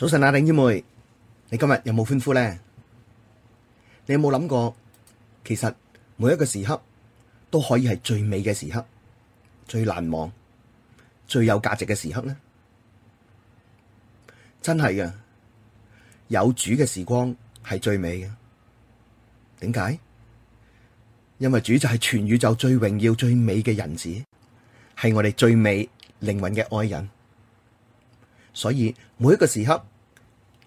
早晨啊，頂姐妹，你今日有冇歡呼咧？你有冇諗過，其實每一個時刻都可以係最美嘅時刻，最難忘、最有價值嘅時刻咧？真係㗎，有主嘅時光係最美嘅。點解？因為主就係全宇宙最榮耀、最美嘅人子，係我哋最美靈魂嘅愛人，所以每一個時刻。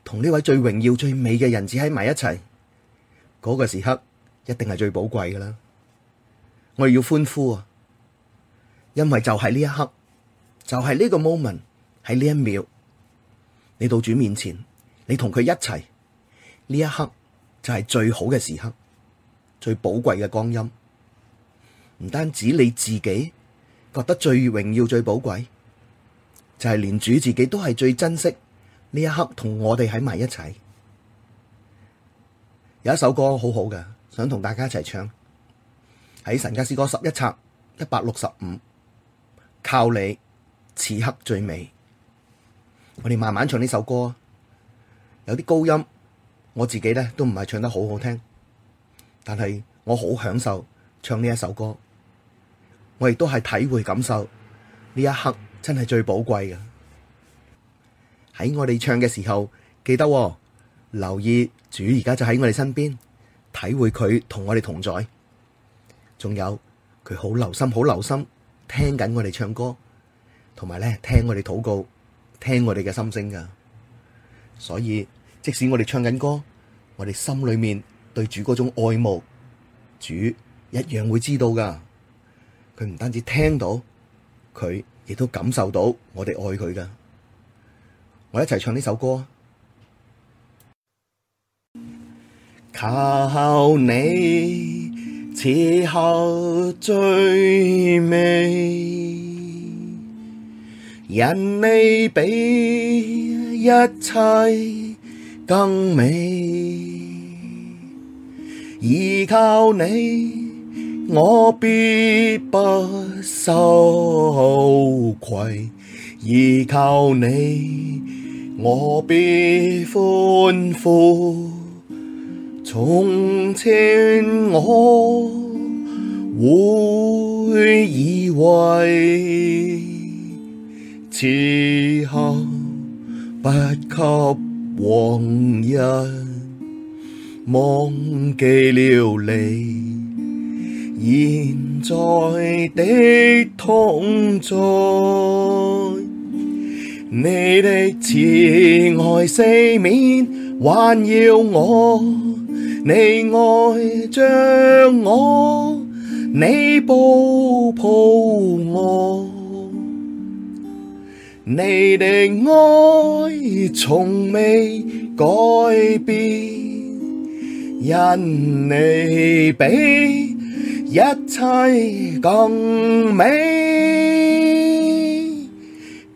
同呢位最榮耀、最美嘅人子喺埋一齊，嗰、那個時刻一定係最寶貴㗎喇！我要歡呼啊，因為就係呢一刻，就係、是、呢個 moment 喺呢一秒，你到主面前，你同佢一齊，呢一刻就係最好嘅時刻，最寶貴嘅光陰。唔單止你自己覺得最榮耀、最寶貴，就係、是、連主自己都係最珍惜。呢一刻同我哋喺埋一齊，有一首歌好好嘅，想同大家一齊唱。喺神家詩歌十一冊一百六十五，靠你此刻最美。我哋慢慢唱呢首歌，有啲高音，我自己咧都唔係唱得好好聽，但係我好享受唱呢一首歌。我亦都係體會感受呢一刻真係最寶貴嘅。喺我哋唱嘅時候，記得、哦、留意主而家就喺我哋身邊，體會佢同我哋同在。仲有佢好留心，好留心聽緊我哋唱歌，同埋咧聽我哋禱告，聽我哋嘅心聲噶。所以即使我哋唱緊歌，我哋心裏面對主嗰種愛慕，主一樣會知道噶。佢唔單止聽到，佢亦都感受到我哋愛佢噶。我哋一齊唱呢首歌，靠你此刻最美，因你比一切更美，倚靠你，我必不羞愧，倚靠你。我必歡呼，從前我會以為，此刻不及往日，忘記了你，現在的同在。你的慈愛四面環繞我，你愛將我你抱抱我，你的愛從未改變，因你比一切更美。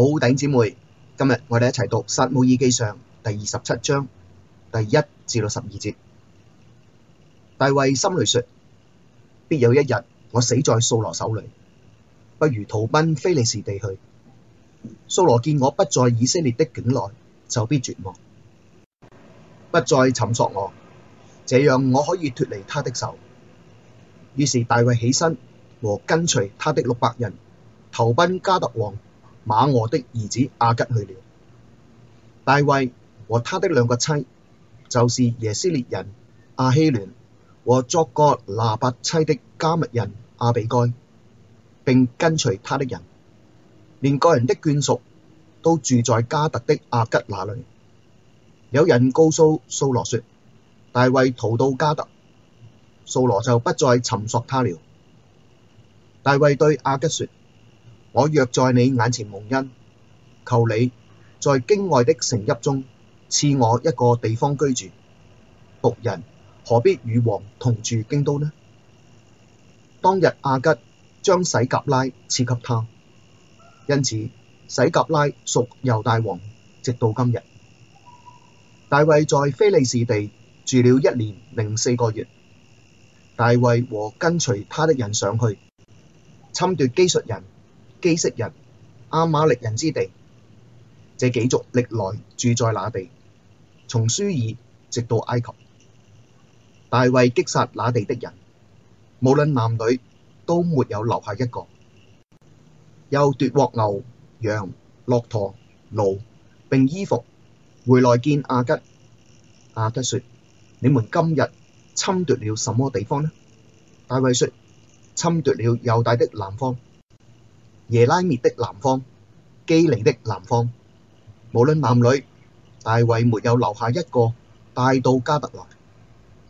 好頂姐妹，今日我哋一齊讀撒母耳記上第二十七章第一至到十二節。大衛心裡說：必有一日我死在掃羅手裡，不如逃奔非利士地去。掃羅見我不在以色列的境內，就必絕望，不再尋索我，這樣我可以脫離他的手。於是大衛起身，和跟隨他的六百人投奔迦特王。瑪俄的兒子亞吉去了。大衛和他的兩個妻，就是耶斯列人亞希暖和作過拿八妻的迦密人亞比該，並跟隨他的人，連各人的眷屬都住在迦特的亞吉那裡。有人告訴掃羅說：大衛逃到迦特，掃羅就不再尋索他了。大衛對亞吉說。我若在你眼前蒙恩，求你在京外的城邑中賜我一個地方居住。僕人何必與王同住京都呢？當日亞吉將洗革拉賜給他，因此洗革拉屬猶大王，直到今日。大衛在非利士地住了一年零四個月。大衛和跟隨他的人上去，侵奪基述人、基色人、亞瑪力人之地，這幾族歷來住在那地，從書珥直到埃及。大衛擊殺那地的人，無論男女，都沒有留下一個。又奪獲牛、羊、駱駝、驢並衣服，回來見亞吉。亞吉說：你們今日侵奪了什麼地方呢？大衛說：侵奪了猶大的南方。耶拉篾的南方、基尼的南方，無論男女，大衛沒有留下一個帶到迦特來。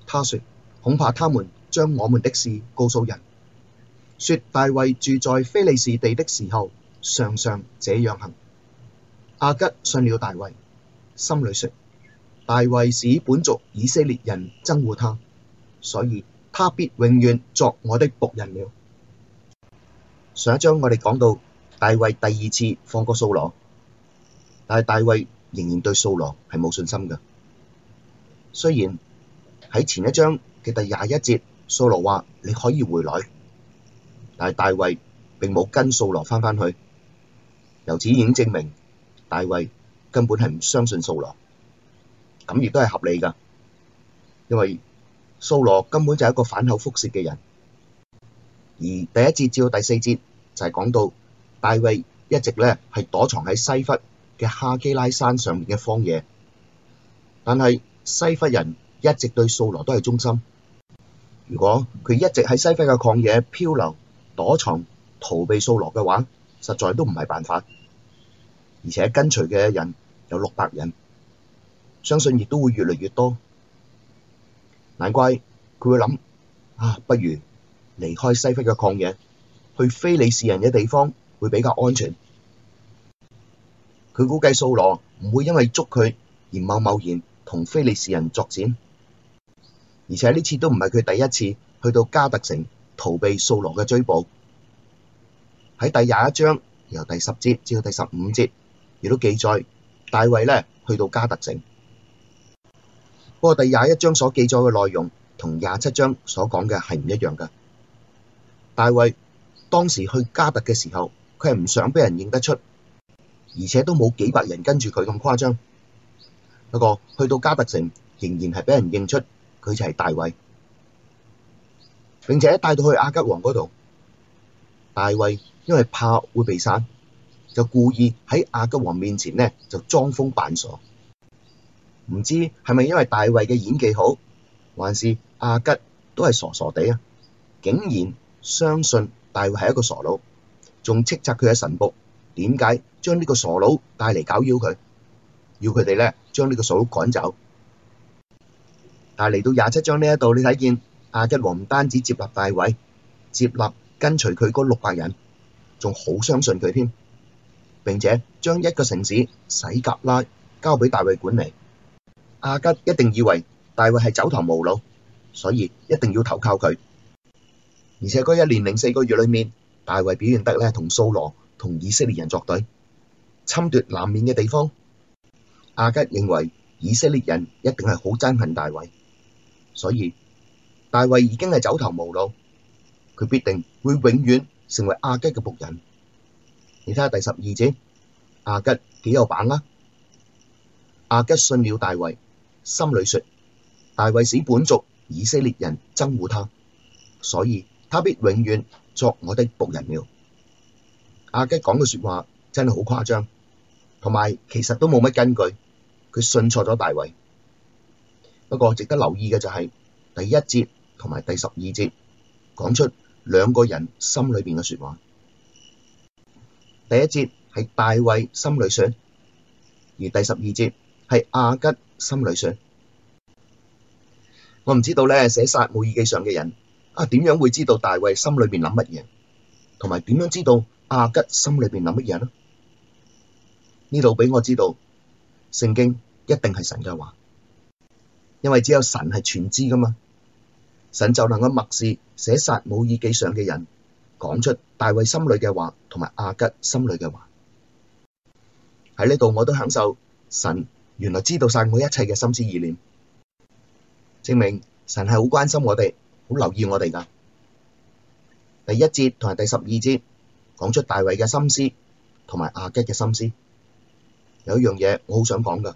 他說：恐怕他們將我們的事告訴人，說大衛住在非利士地的時候，常常這樣行。亞吉信了大衛，心裡說：大衛使本族以色列人憎惡他，所以他必永遠作我的僕人了。上一章我哋講到大衛第二次放過掃羅，但係大衛仍然對掃羅係冇信心嘅。雖然喺前一章嘅第廿一節，掃羅話你可以回來，但係大衛並冇跟掃羅返返去，由此已經證明大衛根本係唔相信掃羅。咁亦都係合理㗎，因為掃羅根本就係一個反口覆舌嘅人。而第一節至到第四節就係、是、講到大衛一直咧係躲藏喺西弗嘅哈基拉山上面嘅荒野，但係西弗人一直對掃羅都係忠心。如果佢一直喺西弗嘅曠野漂流躲藏逃避掃羅嘅話，實在都唔係辦法。而且跟隨嘅人有六百人，相信亦都會越嚟越多。難怪佢會諗啊，不如離開西非嘅曠野，去非利士人嘅地方會比較安全。佢估計掃羅唔會因為捉佢而貿貿然同非利士人作戰，而且呢次都唔係佢第一次去到加特城逃避掃羅嘅追捕。喺第廿一章由第十節至到第十五節，亦都記載大衛呢去到加特城。不過第廿一章所記載嘅內容同廿七章所講嘅係唔一樣噶。大衛當時去加特嘅時候，佢係唔想俾人認得出，而且都冇幾百人跟住佢咁誇張。不過去到加特城，仍然係俾人認出佢就係大衛，並且帶到去亞吉王嗰度。大衛因為怕會被殺，就故意喺亞吉王面前呢就裝瘋扮傻。唔知係咪因為大衛嘅演技好，還是亞吉都係傻傻地啊？竟然相信大衛係一個傻佬，仲斥責佢嘅神僕。點解將呢個傻佬帶嚟搞擾佢，要佢哋咧將呢個傻佬趕走。但係嚟到廿七章呢一度，你睇見亞吉王唔單止接納大衛，接納跟隨佢嗰六百人，仲好相信佢添，並且將一個城市洗革拉交俾大衛管理。亞吉一定以為大衛係走投無路，所以一定要投靠佢。而且嗰一年零四個月裏面，大衛表現得咧同掃羅同以色列人作對，侵奪南面嘅地方。亞吉認為以色列人一定係好憎恨大衛，所以大衛已經係走投無路，佢必定會永遠成為亞吉嘅僕人。你睇下第十二節，亞吉幾有把握啊？亞吉信了大衛，心裏說：大衛使本族以色列人憎惡他，所以。他必永遠作我的僕人了。亞吉講嘅説話真係好誇張，同埋其實都冇乜根據。佢信錯咗大衛。不過值得留意嘅就係、是、第一節同埋第十二節講出兩個人心裏邊嘅説話。第一節係大衛心裏想，而第十二節係亞吉心裏想。我唔知道咧，寫撒母耳記上嘅人。啊！點樣會知道大衛心裏邊諗乜嘢，同埋點樣知道亞吉心裏邊諗乜嘢呢？呢度俾我知道，聖經一定係神嘅話，因為只有神係全知噶嘛，神就能夠默示寫撒母耳記上嘅人講出大衛心裏嘅話，同埋亞吉心裏嘅話喺呢度，我都享受神原來知道晒我一切嘅心思意念，證明神係好關心我哋。好留意我哋噶，第一節同埋第十二節講出大衛嘅心思同埋亞吉嘅心思。有一樣嘢我好想講噶，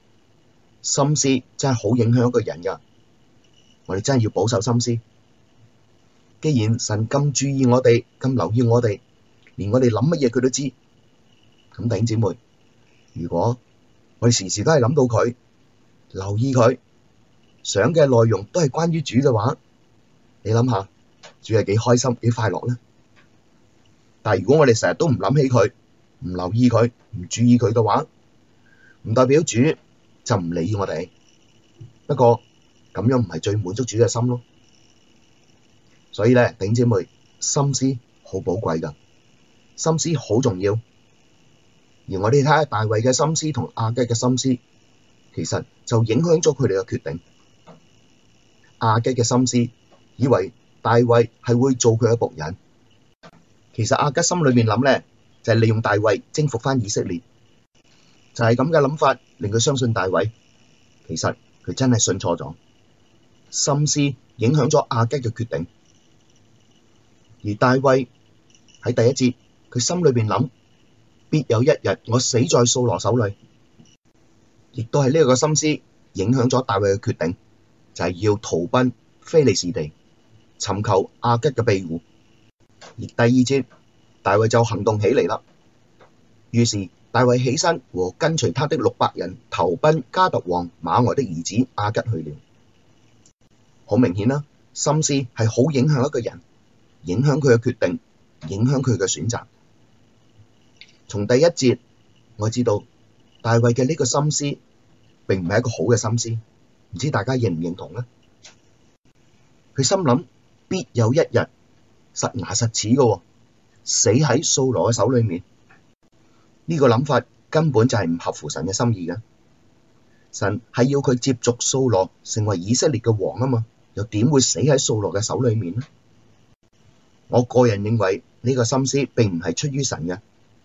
心思真係好影響一個人噶。我哋真係要保守心思。既然神咁注意我哋，咁留意我哋，連我哋諗乜嘢佢都知。咁弟兄姊妹，如果我哋時時都係諗到佢，留意佢想嘅內容都係關於主嘅話。你諗下，主係幾開心、幾快樂咧？但係如果我哋成日都唔諗起佢，唔留意佢，唔注意佢嘅話，唔代表主就唔理我哋。不過咁樣唔係最滿足主嘅心咯。所以咧，頂姐妹，心思好寶貴噶，心思好重要。而我哋睇下大衛嘅心思同亞吉嘅心思，其實就影響咗佢哋嘅決定。亞吉嘅心思。以為大衛係會做佢嘅僕人，其實亞吉心裏面諗咧就係利用大衛征服翻以色列，就係咁嘅諗法令佢相信大衛。其實佢真係信錯咗，心思影響咗亞吉嘅決定。而大衛喺第一節佢心裏面諗，必有一日我死在掃羅手裏，亦都係呢個心思影響咗大衛嘅決定，就係要逃奔非利士地。尋求阿吉嘅庇護，而第二節大衛就行動起嚟啦。於是大衛起身和跟隨他的六百人投奔加特王馬外的兒子阿吉去了。好明顯啦，心思係好影響一個人，影響佢嘅決定，影響佢嘅選擇。從第一節我知道大衛嘅呢個心思並唔係一個好嘅心思，唔知大家認唔認同呢？佢心諗。必有一日實牙實齒嘅死喺掃羅嘅手裏面，呢個諗法根本就係唔合乎神嘅心意嘅。神係要佢接續掃羅成為以色列嘅王啊嘛，又點會死喺掃羅嘅手裏面呢？我個人認為呢個心思並唔係出於神嘅，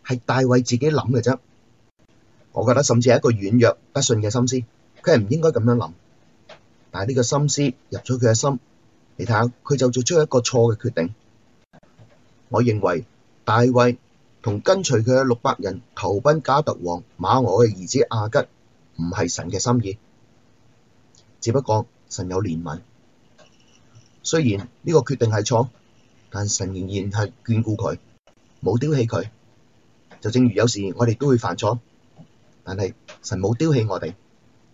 係大衛自己諗嘅啫。我覺得甚至係一個軟弱不信嘅心思，佢係唔應該咁樣諗。但係呢個心思入咗佢嘅心。你睇下，佢就做出一個錯嘅決定。我認為大衛同跟隨佢嘅六百人逃奔迦特王瑪俄嘅兒子亞吉，唔係神嘅心意。只不過神有憐憫，雖然呢個決定係錯，但神仍然係眷顧佢，冇丟棄佢。就正如有時我哋都會犯錯，但係神冇丟棄我哋，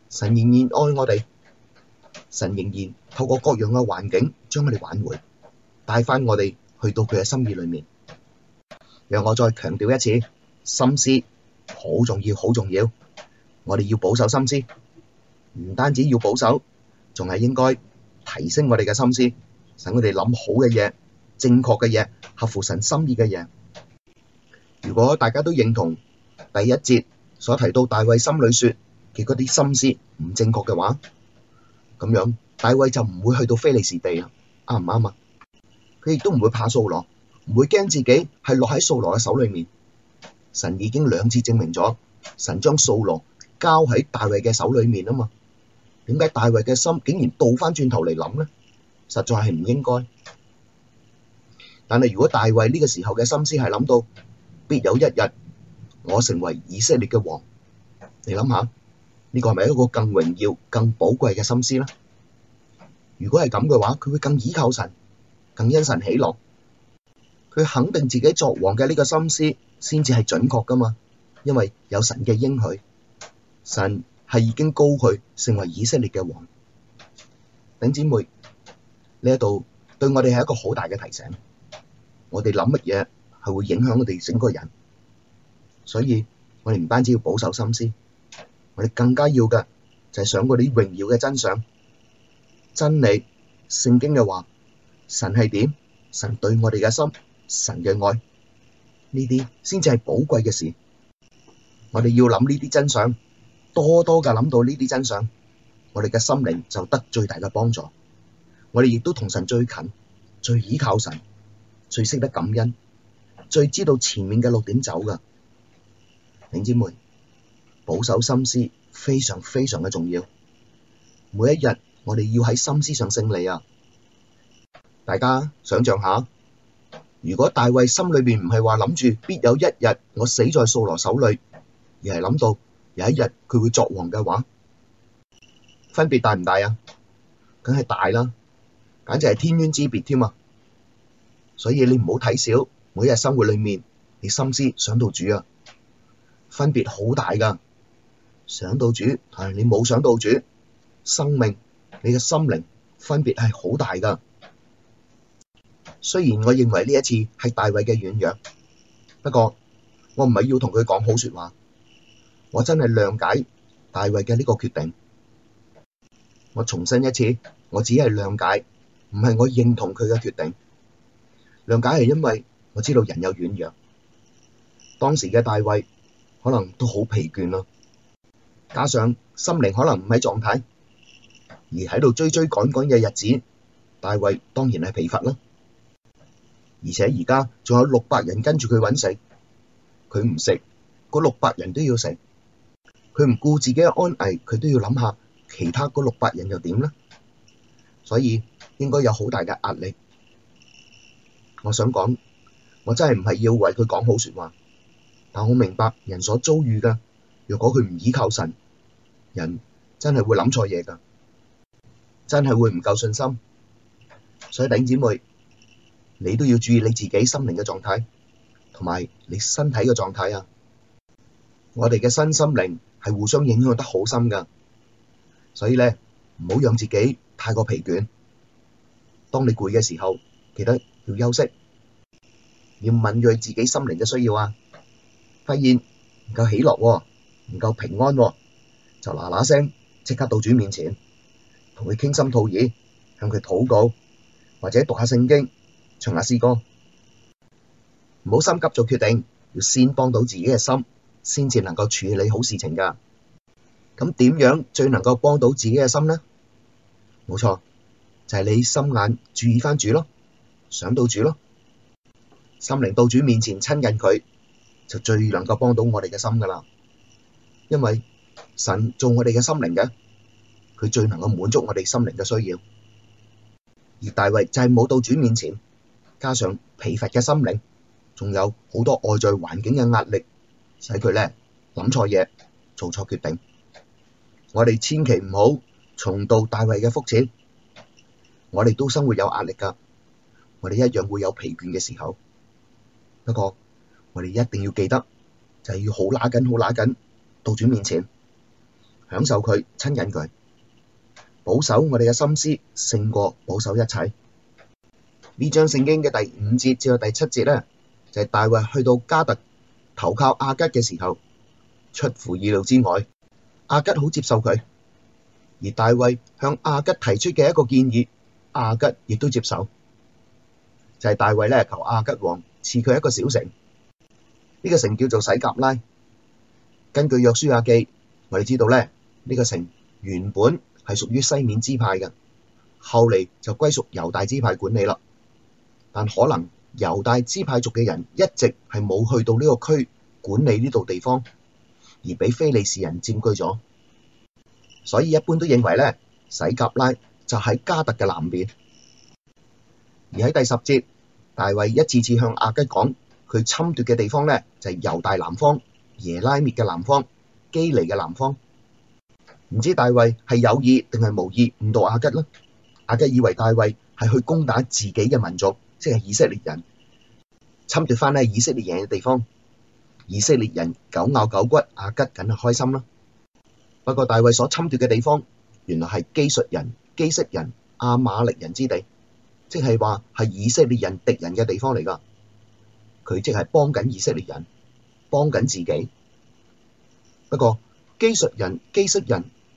神仍然愛我哋。神仍然透過各樣嘅環境將我哋挽回，帶翻我哋去到佢嘅心意裏面。讓我再強調一次，心思好重要，好重要。我哋要保守心思，唔單止要保守，仲係應該提升我哋嘅心思，使我哋諗好嘅嘢、正確嘅嘢、合乎神心意嘅嘢。如果大家都認同第一節所提到大衛心裏說嘅嗰啲心思唔正確嘅話，咁樣，大衛就唔會去到非利士地喇，啱唔啱啊？佢亦都唔會怕掃羅，唔會驚自己係落喺掃羅嘅手裏面。神已經兩次證明咗，神將掃羅交喺大衛嘅手裏面啊嘛。點解大衛嘅心竟然倒翻轉頭嚟諗呢？實在係唔應該。但係如果大衛呢個時候嘅心思係諗到，必有一日我成為以色列嘅王，你諗下。呢個係咪一個更榮耀、更寶貴嘅心思咧？如果係咁嘅話，佢會更倚靠神，更因神喜樂。佢肯定自己作王嘅呢個心思，先至係準確噶嘛？因為有神嘅應許，神係已經膏佢成為以色列嘅王。等姊妹，呢一度對我哋係一個好大嘅提醒。我哋諗乜嘢係會影響我哋整個人，所以我哋唔單止要保守心思。我哋更加要嘅就係、是、想嗰啲榮耀嘅真相、真理、聖經嘅話，神係點？神對我哋嘅心、神嘅愛呢啲先至係寶貴嘅事。我哋要諗呢啲真相，多多嘅諗到呢啲真相，我哋嘅心靈就得最大嘅幫助。我哋亦都同神最近、最倚靠神、最識得感恩、最知道前面嘅路點走嘅，弟兄們。保守心思非常非常嘅重要。每一日我哋要喺心思上勝利啊！大家想象下，如果大衛心裏面唔係話諗住必有一日我死在掃羅手裏，而係諗到有一日佢會作王嘅話分別大大，分別大唔大啊？梗係大啦，簡直係天淵之別添啊！所以你唔好睇小每日生活裏面你心思想到主啊，分別好大噶。想到主，但係你冇想到主生命，你嘅心靈分別係好大㗎。雖然我認為呢一次係大衛嘅軟弱，不過我唔係要同佢講好說話，我真係諒解大衛嘅呢個決定。我重申一次，我只係諒解，唔係我認同佢嘅決定。諒解係因為我知道人有軟弱，當時嘅大衛可能都好疲倦啦。加上心靈可能唔喺狀態，而喺度追追趕趕嘅日子，大衛當然係疲乏啦。而且而家仲有六百人跟住佢搵食，佢唔食，嗰六百人都要食，佢唔顧自己嘅安危，佢都要諗下其他嗰六百人又點呢？所以應該有好大嘅壓力。我想講，我真係唔係要為佢講好說話，但我明白人所遭遇嘅，如果佢唔依靠神。人真係會諗錯嘢噶真係會唔夠信心，所以頂姊妹，你都要注意你自己心靈嘅狀態，同埋你身體嘅狀態啊。我哋嘅身心靈係互相影響得好深噶，所以咧，唔好讓自己太過疲倦。當你攰嘅時候，記得要休息，要敏銳自己心靈嘅需要啊。發現唔夠喜樂，唔夠平安，就嗱嗱聲，即刻到主面前同佢傾心吐意，向佢禱告，或者讀下聖經、唱下詩歌，唔好心急做決定，要先幫到自己嘅心，先至能夠處理好事情噶。咁點樣最能夠幫到自己嘅心呢？冇錯，就係你心眼注意翻主咯，想到主咯，心靈到主面前親近佢，就最能夠幫到我哋嘅心噶啦，因為神做我哋嘅心靈嘅，佢最能夠滿足我哋心靈嘅需要。而大衛就係冇到主面前，加上疲乏嘅心靈，仲有好多外在環境嘅壓力，使佢咧諗錯嘢，做錯決定。我哋千祈唔好重蹈大衛嘅覆轍。我哋都生活有壓力噶，我哋一樣會有疲倦嘅時候。不過我哋一定要記得，就係要好拉緊，好拉緊，到主面前。享受佢，親近佢，保守我哋嘅心思勝過保守一切。呢章聖經嘅第五節至到第七節咧，就係、是、大衛去到迦特投靠亞吉嘅時候，出乎意料之外，亞吉好接受佢。而大衛向亞吉提出嘅一個建議，亞吉亦都接受，就係、是、大衛咧求亞吉王賜佢一個小城，呢、這個城叫做洗革拉。根據約書亞記，我哋知道咧。呢個城原本係屬於西面支派嘅，後嚟就歸屬猶大支派管理啦。但可能猶大支派族嘅人一直係冇去到呢個區管理呢度地方，而俾非利士人佔據咗，所以一般都認為咧，洗革拉就喺迦特嘅南邊。而喺第十節，大衛一次次向亞吉講佢侵奪嘅地方咧，就係猶大南方、耶拉篾嘅南方、基尼嘅南方。唔知大衛係有意定係無意誤導亞吉呢？亞吉以為大衛係去攻打自己嘅民族，即係以色列人，侵奪翻咧以色列人嘅地方。以色列人狗咬狗骨，亞吉梗係開心啦。不過大衛所侵奪嘅地方原來係基述人、基色人、亞瑪力人之地，即係話係以色列人敵人嘅地方嚟㗎。佢即係幫緊以色列人，幫緊自己。不過基述人、基色人。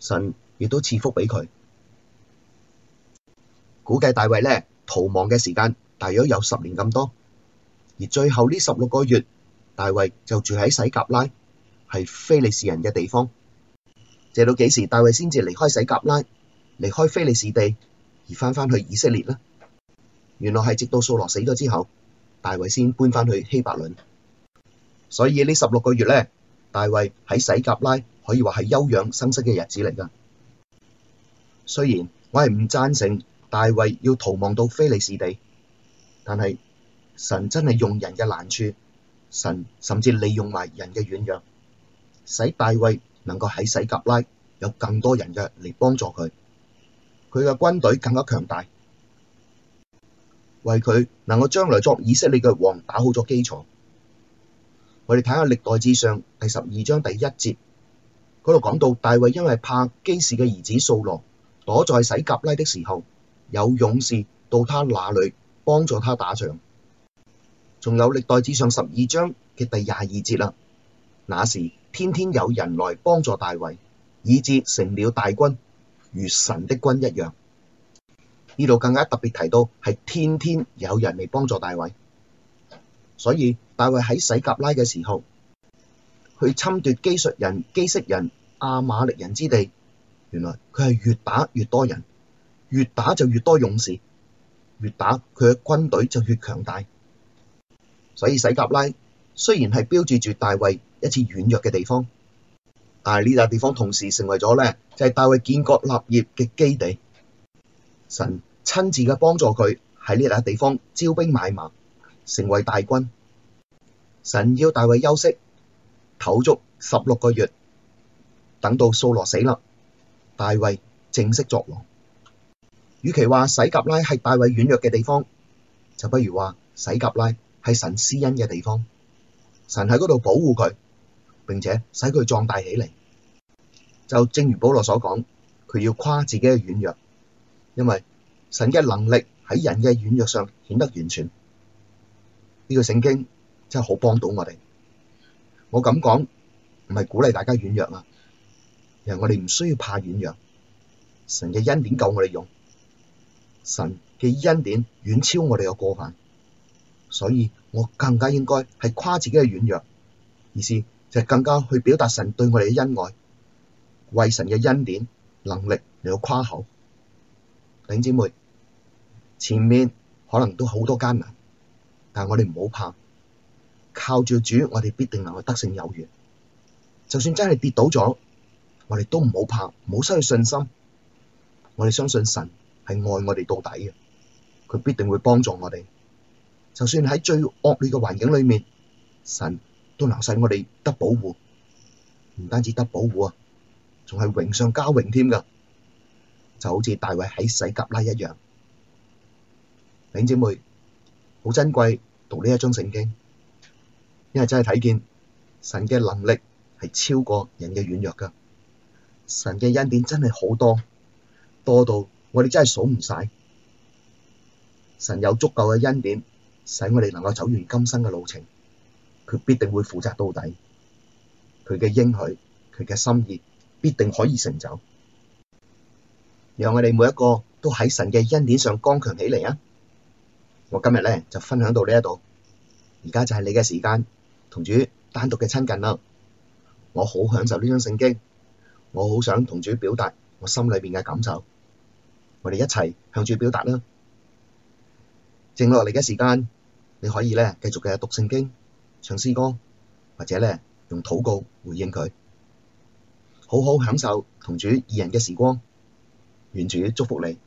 神亦都賜福畀佢，估計大衛咧逃亡嘅時間大約有十年咁多，而最後呢十六個月，大衛就住喺洗革拉，係非利士人嘅地方。直到幾時大衛先至離開洗革拉，離開非利士地而翻返去以色列呢？原來係直到掃羅死咗之後，大衛先搬返去希伯倫。所以呢十六個月咧，大衛喺洗革拉。可以話係休養生息嘅日子嚟噶。雖然我係唔贊成大衛要逃亡到非利士地，但係神真係用人嘅難處，神甚至利用埋人嘅軟弱，使大衛能夠喺洗革拉有更多人嘅嚟幫助佢，佢嘅軍隊更加強大，為佢能夠將來作以色列嘅王打好咗基礎。我哋睇下歷代志上第十二章第一節。嗰度講到大衛因為怕基士嘅兒子掃羅，躲在洗革拉的時候，有勇士到他那裡幫助他打仗。仲有歷代誌上十二章嘅第二十二節啦。那時天天有人來幫助大衛，以致成了大軍，如神的軍一樣。呢度更加特別提到係天天有人嚟幫助大衛。所以大衛喺洗革拉嘅時候，去侵奪基述人、基色人。亞瑪力人之地，原來佢係越打越多人，越打就越多勇士，越打佢嘅軍隊就越強大。所以洗革拉雖然係標誌住大衛一次軟弱嘅地方，但係呢笪地方同時成為咗咧就係、是、大衛建國立業嘅基地。神親自嘅幫助佢喺呢笪地方招兵買馬，成為大軍。神要大衛休息唞足十六個月。等到掃羅死啦，大衛正式作王。與其話洗革拉係大衛軟弱嘅地方，就不如話洗革拉係神施恩嘅地方。神喺嗰度保護佢，並且使佢壯大起嚟。就正如保羅所講，佢要誇自己嘅軟弱，因為神嘅能力喺人嘅軟弱上顯得完全。呢、這個聖經真係好幫到我哋。我咁講唔係鼓勵大家軟弱啊。人我哋唔需要怕軟弱，神嘅恩典夠我哋用，神嘅恩典遠超我哋嘅過犯，所以我更加應該係誇自己嘅軟弱，而是就是更加去表達神對我哋嘅恩愛，為神嘅恩典能力嚟到誇口。領姐妹前面可能都好多艱難，但我哋唔好怕，靠住主，我哋必定能夠得勝有餘。就算真係跌倒咗。我哋都唔好怕，唔好失去信心。我哋相信神係愛我哋到底嘅，佢必定會幫助我哋。就算喺最惡劣嘅環境裏面，神都能使我哋得保護，唔單止得保護啊，仲係榮上加榮添噶。就好似大衛喺洗革拉一樣，領姐妹好珍貴讀呢一章聖經，因為真係睇見神嘅能力係超過人嘅軟弱噶。神嘅恩典真係好多，多到我哋真係數唔晒。神有足夠嘅恩典，使我哋能夠走完今生嘅路程，佢必定會負責到底。佢嘅應許，佢嘅心意，必定可以成就，讓我哋每一個都喺神嘅恩典上剛強起嚟啊！我今日咧就分享到呢一度，而家就係你嘅時間同主單獨嘅親近啦。我好享受呢張聖經。我好想同主表達我心裏面嘅感受，我哋一齊向主表達啦。剩落嚟嘅時間，你可以咧繼續嘅讀聖經、唱詩歌，或者咧用禱告回應佢，好好享受同主二人嘅時光。願主祝福你。